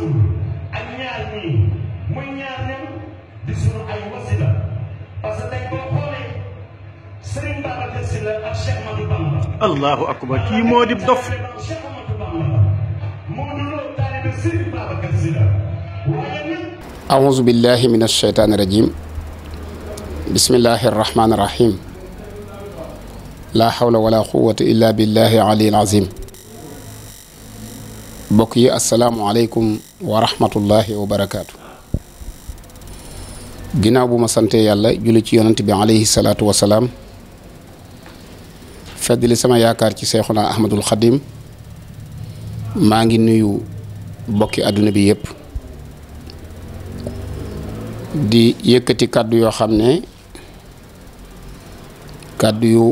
ñun ak ñaar ñii muy ñaar ñan di sunu ay wasila parce que tey boo xoolee Serigne Babacar Sy la ak Cheikh Madou Bamba. allahu akbar kii moo di dof. Cheikh Madou Bamba moo di loo taalibe Serigne Babacar Sy la waaye nag. aouzu billahi min ashaytaani rajim bismillahi rahmaani rahim. la hawla wala quwwata illa billahi aliyil azim. bokk yi asalaamualeykum wa rahmatullahi wa barakaatu. ginnaaw bu ma santee yàlla julli ci yonent bi alayhi salaatu wa salaam. feddali sama yaakaar ci seexuna ahmadul xadim maa ngi nuyu bokki àdduna bi yépp di yëkkati kàddu yoo xam ne kàddu yu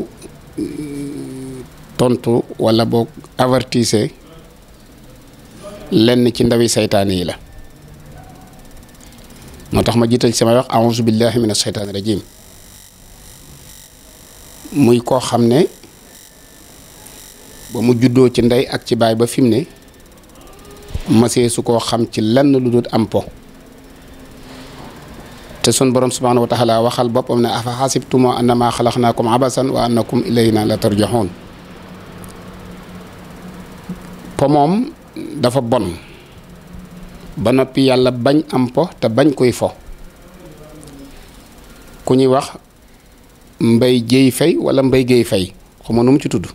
tontu walla boog avertise lenn ci ndawi saytaane yi la moo tax ma jiital samay wax auzu billahi min asheytaani rajim muy koo xam ne ba mu juddoo ci ndey ak ci baay ba fi mu ne masee su koo xam ci lenn lu dul am po te sun borom subhaanahu wa taala waxal boppam ne afa xasibtumoo annamaa xalaqnaakum abasan wa annakum ilayna la tarjaxuun po dafa bon ba noppi yàlla bañ am po te bañ koy fo ku ñuy wax mbay jéy fay wala mbay géey fay xuma nu mu ci tudd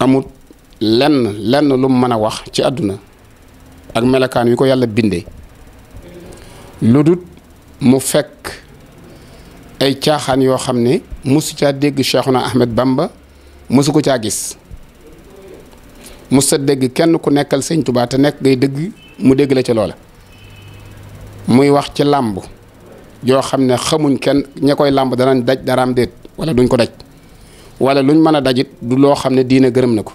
amut lenn lenn lu mu mën a wax ci àdduna ak melokaan wi ko yàlla bindee lu dut mu fekk ay caaxaan yoo xam ne mosu caa dégg Cheikhuna Ahmed Bamba mosu ko caa gis mos sa dégg kenn ku nekkal sëñ tubaa te nekk ngay dëgg mu dégg la ca loola muy wax ci làmb joo xam ne xamuñ kenn ña koy làmb danañ daj daraam déet wala duñ ko daj wala luñ mën a dajit du loo xam ne diina gërëm na ko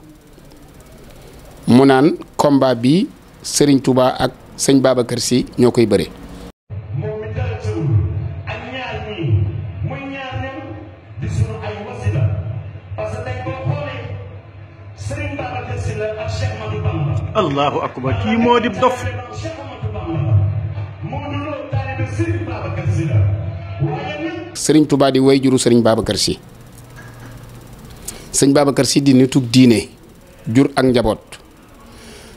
mu naan combat bi sëriñ tubaa ak sëñ Babacar si ñoo koy bëree sëriñ Sylla ak Cheikh Ahmadou Bamba allahu di way juru Serigne Babacar Sy sëñ Babacar Sy di nitug diine jur ak njaboot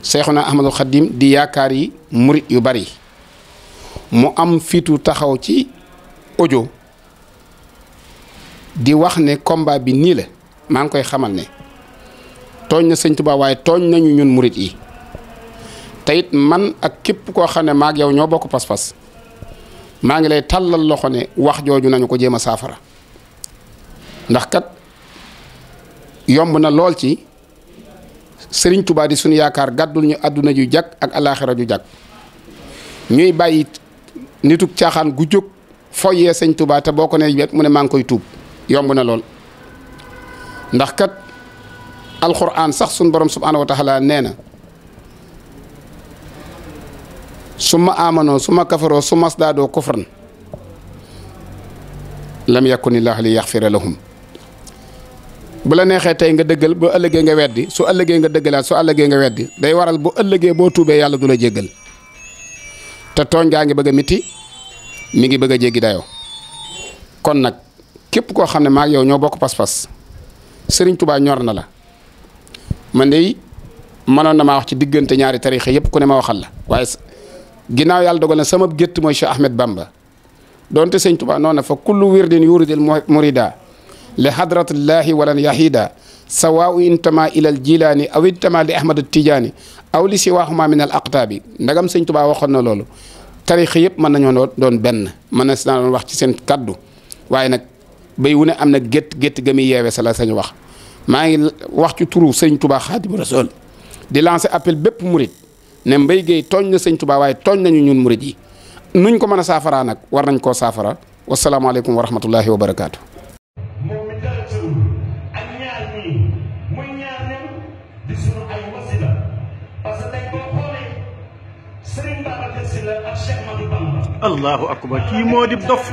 Seexuna Ahmadul Xadim di yaakaar yi murit yu bari mu am fitu taxaw ci ojo di wax ne komba bi nii la maa ngi koy xamal ne tooñ na sëñ Tuubaa waaye tooñ nañu ñun murit yi te man ak képp koo xam ne maak yow ñoo bokk pas-pas maa ngi lay tàllal loxo ne wax jooju nañu ko jéem a saafara ndax kat yomb na lool ci sëriñ Tuubaa di suñu yaakaar gàddul ñu àdduna ju jàkk ak alaaxira ju jag ñuy bàyyi nituk caaxaan gu jóg foyee sëñ Tuubaa te boo ko nee mu ne maa ngi koy tuub yomb na lool ndax kat alxuraan sax sunu borom subhaanahu wa taala nee na summa amanoo summa kafaro summa asdaadoo kufran lam yakunillaahu li yaxfira lahum bu la neexee tey nga dëggal bu ëllëgee nga weddi su ëllëgee nga dëggalaat su ëllëgee nga weddi day waral bu ëllëgee boo tuubee yàlla du la jéggal te tooñ gaa ngi bëgg a miti mi ngi bëgg a jéggi dayoo kon nag képp koo xam ne maa yow ñoo bokk pas-pas Sëriñ Tuubaa ñor na la man de mënoon na ma wax ci diggante ñaari tarixa yëpp ku ne ma waxal la waaye ginnaaw yàlla dogal na sama gétt mooy si Ahmed Bamba donte sëñ Tuubaa noona fa kullu wirdin yuridil murida li hadratillahi walan yahida sawau intama ilal jilaani aw intama li ahmad tijaani aw li si waaxuma min al aqtaabi ndagam sëñ Tuubaa waxoon na loolu tarixa yëpp mën nañoo doon benn mën na si naa doon wax ci seen kaddu waaye nag bay wu ne am na gétt gétt ga muy yeewe sa la wax maa ngi wax ci turu sëñ Touba Xaadimu Rasuul di lancé appel bépp murit ne Mbaye Gueye tooñ na sëñ tubaa waaye tooñ nañu ñun murit yi nuñ ko mën a saafaraa nag war nañ koo saafara wasalaamaaleykum wa rahmatullahi wa kii moo di dof.